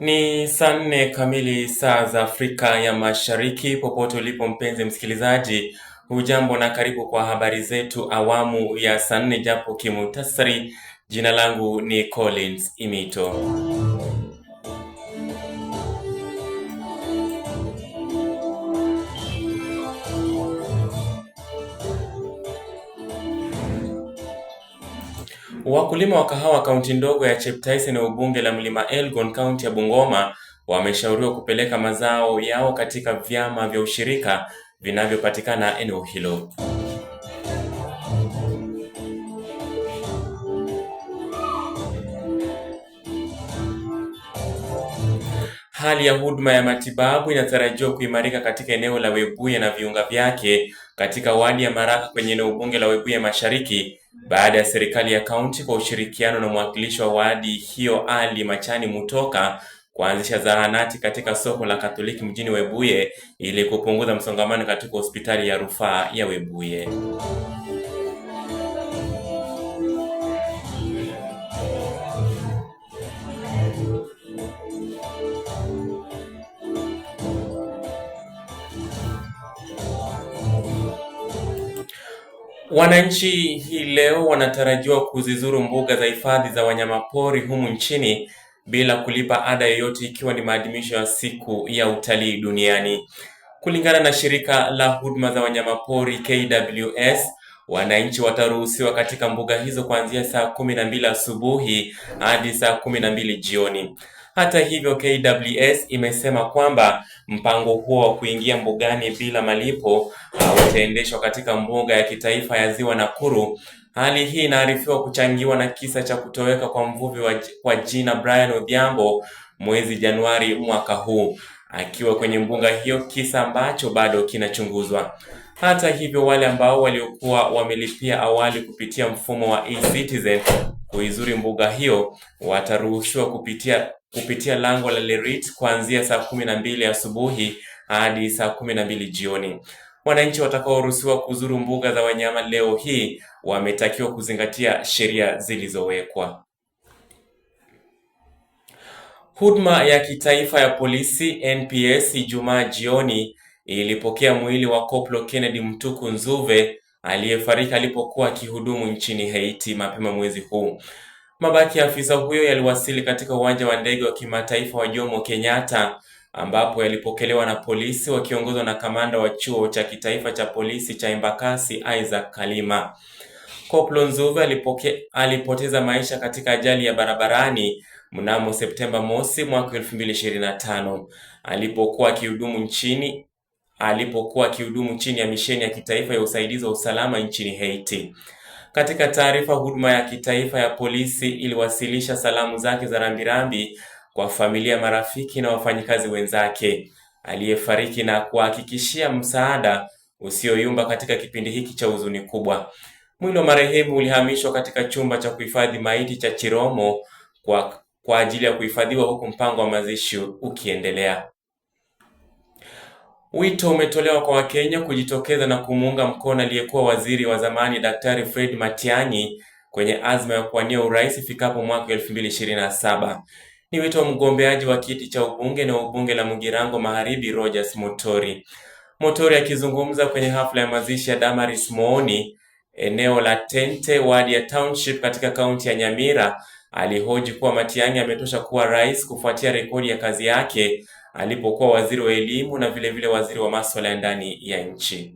Ni saa nne kamili saa za Afrika ya Mashariki. Popote ulipo mpenzi msikilizaji, hujambo na karibu kwa habari zetu awamu ya saa nne, japo kimutasari. Jina langu ni Collins Imito. Wakulima wa kahawa kaunti ndogo ya Cheptais na ubunge la Mlima Elgon kaunti ya Bungoma wameshauriwa kupeleka mazao yao katika vyama vya ushirika vinavyopatikana eneo hilo. Hali ya huduma ya matibabu inatarajiwa kuimarika katika eneo la Webuye na viunga vyake katika wadi ya Maraka kwenye eneo bunge la Webuye Mashariki baada ya serikali ya kaunti kwa ushirikiano na mwakilishi wa wadi hiyo Ali Machani Mutoka kuanzisha zahanati katika soko la Katoliki mjini Webuye ili kupunguza msongamano katika hospitali ya rufaa ya Webuye. Wananchi hii leo wanatarajiwa kuzizuru mbuga za hifadhi za wanyamapori humu nchini bila kulipa ada yoyote, ikiwa ni maadhimisho ya siku ya utalii duniani. Kulingana na shirika la huduma za wanyamapori KWS, wananchi wataruhusiwa katika mbuga hizo kuanzia saa kumi na mbili asubuhi hadi saa kumi na mbili jioni. Hata hivyo, KWS imesema kwamba mpango huo wa kuingia mbugani bila malipo uh, utaendeshwa katika mbuga ya kitaifa ya Ziwa Nakuru. Hali hii inaarifiwa kuchangiwa na kisa cha kutoweka kwa mvuvi wa, wa jina Brian Odhiambo mwezi Januari mwaka huu akiwa kwenye mbuga hiyo, kisa ambacho bado kinachunguzwa. Hata hivyo, wale ambao waliokuwa wamelipia awali kupitia mfumo wa e-citizen kuizuri mbuga hiyo wataruhusiwa kupitia kupitia lango la Lerit kuanzia saa kumi na mbili asubuhi hadi saa kumi na mbili jioni. Wananchi watakaoruhusiwa kuzuru mbuga za wanyama leo hii wametakiwa kuzingatia sheria zilizowekwa. Huduma ya kitaifa ya polisi NPS Ijumaa jioni ilipokea mwili wa Koplo Kennedy Mtuku Nzuve aliyefariki alipokuwa akihudumu nchini Haiti mapema mwezi huu. Mabaki ya afisa huyo yaliwasili katika uwanja wa ndege wa kimataifa wa Jomo Kenyatta ambapo yalipokelewa na polisi wakiongozwa na kamanda wa chuo cha kitaifa cha polisi cha Embakasi Isaac Kalima. Koplo Nzuve alipoke, alipoteza maisha katika ajali ya barabarani mnamo Septemba mosi mwaka 2025 alipokuwa akihudumu nchini alipokuwa akihudumu chini ya misheni ya kitaifa ya usaidizi wa usalama nchini Haiti. Katika taarifa, huduma ya kitaifa ya polisi iliwasilisha salamu zake za rambirambi kwa familia, marafiki na wafanyikazi wenzake aliyefariki na kuhakikishia msaada usioyumba katika kipindi hiki cha huzuni kubwa. Mwili wa marehemu ulihamishwa katika chumba cha kuhifadhi maiti cha Chiromo kwa, kwa ajili ya kuhifadhiwa huku mpango wa mazishi ukiendelea. Wito umetolewa kwa Wakenya kujitokeza na kumuunga mkono aliyekuwa waziri wa zamani Daktari Fred Matiang'i kwenye azma ya kuwania urais ifikapo mwaka 2027. Ni wito wa mgombeaji wa kiti cha ubunge na ubunge la Mugirango Magharibi Rogers Motori. Motori akizungumza kwenye hafla ya mazishi ya Damaris Mooni eneo la Tente wadi ya Township katika kaunti ya Nyamira alihoji kuwa Matiang'i ametosha kuwa rais kufuatia rekodi ya kazi yake alipokuwa waziri wa elimu na vile vile waziri wa masuala ya ndani ya nchi.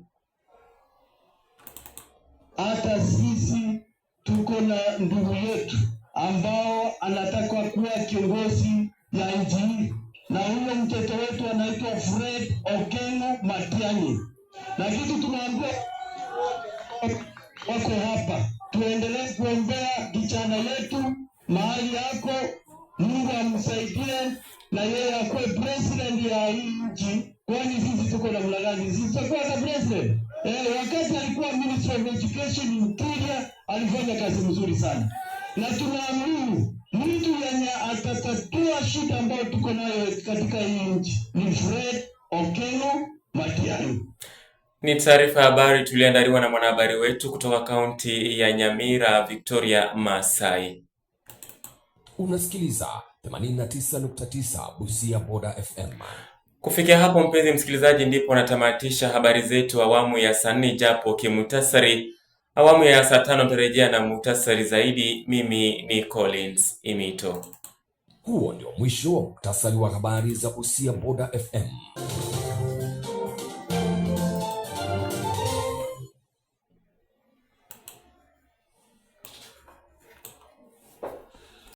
Hata sisi tuko na ndugu yetu ambao anataka kuwa kiongozi ya nchi, na huyo mtoto wetu anaitwa Fred Okengo Matiang'i, na kitu tunaambia wako hapa, tuendelee kuombea kijana yetu mahali yako, Mungu amsaidie na yeye akuwe president ya nchi, kwani sisi tuko mla gani? Sitakuwa hata president eh. Wakati alikuwa minister of education interior, alifanya kazi mzuri sana, na tunaamini mtu yenye atatatua shida ambayo tuko nayo katika hii nchi ni Fred Okello Matiang'i. Ni taarifa ya habari tuliandaliwa na mwanahabari wetu kutoka kaunti ya Nyamira, Victoria Masai. Unasikiliza 89.9 Busia Boda FM. Kufikia hapo, mpenzi msikilizaji, ndipo natamatisha habari zetu awamu ya saa nne, japo kimutasari Awamu ya saa tano tarejea na muhtasari zaidi. Mimi ni Collins Imito. Huo ndio mwisho wa muhtasari wa habari za Busia Boda FM.